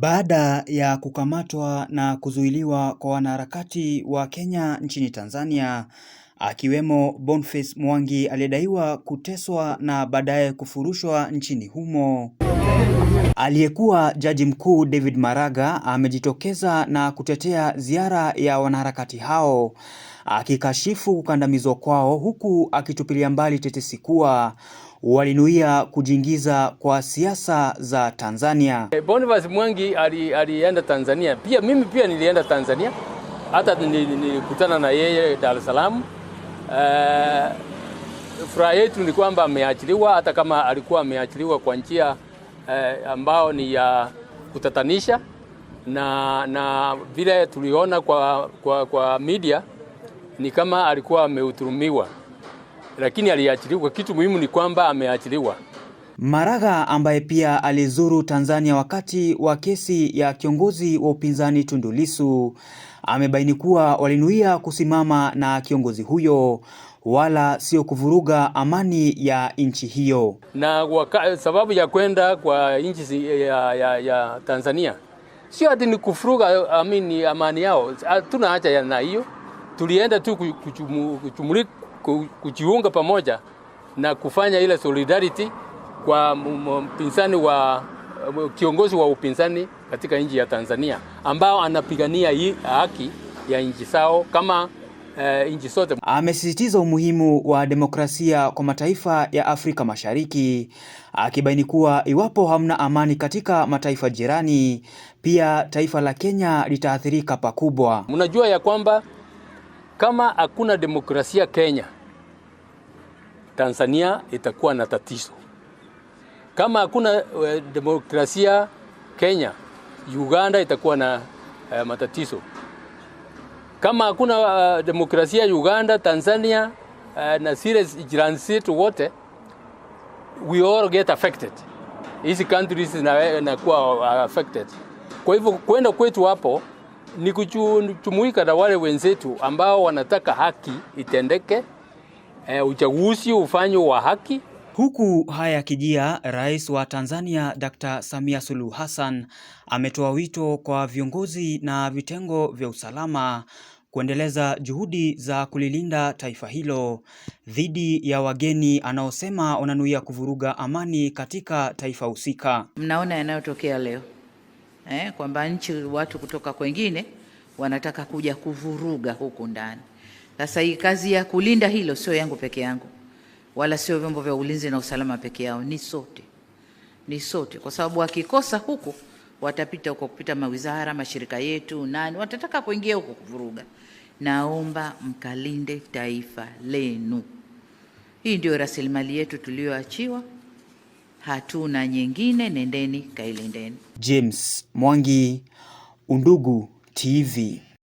Baada ya kukamatwa na kuzuiliwa kwa wanaharakati wa Kenya nchini Tanzania akiwemo Boniface Mwangi aliyedaiwa kuteswa na baadaye kufurushwa nchini humo, aliyekuwa Jaji Mkuu David Maraga amejitokeza na kutetea ziara ya wanaharakati hao akikashifu kukandamizwa kwao huku akitupilia mbali tetesi kuwa walinuia kujiingiza kwa siasa za Tanzania. Eh, Boniface Mwangi alienda Tanzania, pia mimi pia nilienda Tanzania, hata nilikutana na yeye Dar es Salaam. Uh, furaha yetu ni kwamba ameachiliwa, hata kama alikuwa ameachiliwa kwa njia uh, ambao ni ya kutatanisha na, na vile tuliona kwa, kwa, kwa media ni kama alikuwa ameuturumiwa, lakini aliachiliwa. Kitu muhimu ni kwamba ameachiliwa. Maraga ambaye pia alizuru Tanzania wakati wa kesi ya kiongozi wa upinzani Tundu Lissu amebaini kuwa walinuia kusimama na kiongozi huyo wala sio kuvuruga amani ya nchi hiyo. Na waka, sababu ya kwenda kwa nchi ya, ya, ya Tanzania sio ati ni kuvuruga amini amani yao, tunaacha na hiyo tulienda tu kuchumulika, kujiunga pamoja na kufanya ile solidarity kwa mpinzani wa kiongozi wa upinzani katika nchi ya Tanzania ambao anapigania haki ya nchi zao kama Uh, nchi zote. Amesisitiza umuhimu wa demokrasia kwa mataifa ya Afrika Mashariki akibaini kuwa iwapo hamna amani katika mataifa jirani, pia taifa la Kenya litaathirika pakubwa. Mnajua ya kwamba kama hakuna demokrasia Kenya, Tanzania itakuwa na tatizo. Kama hakuna eh, demokrasia Kenya, Uganda itakuwa na uh, matatizo. Kama hakuna uh, demokrasia Uganda, Tanzania uh, na zile jirani zetu wote, we all get affected. Hizi countries zinakuwa affected. Kwa hivyo kwenda kwetu hapo ni kujumuika na wale wenzetu ambao wanataka haki itendeke, e, uchaguzi ufanywe wa haki. Huku haya yakijia, Rais wa Tanzania Dr. Samia Suluhu Hassan ametoa wito kwa viongozi na vitengo vya usalama kuendeleza juhudi za kulilinda taifa hilo dhidi ya wageni anaosema wananuia kuvuruga amani katika taifa husika. Mnaona yanayotokea leo eh, kwamba nchi watu kutoka kwengine wanataka kuja kuvuruga huku ndani. Sasa hii kazi ya kulinda hilo sio yangu peke yangu, wala sio vyombo vya ulinzi na usalama peke yao, ni sote, ni sote, kwa sababu wakikosa huku watapita huko, kupita mawizara, mashirika yetu, nani watataka kuingia huko kuvuruga. Naomba mkalinde taifa lenu. Hii ndio rasilimali yetu tuliyoachiwa hatuna nyingine, nendeni kailindeni. James Mwangi, Undugu TV.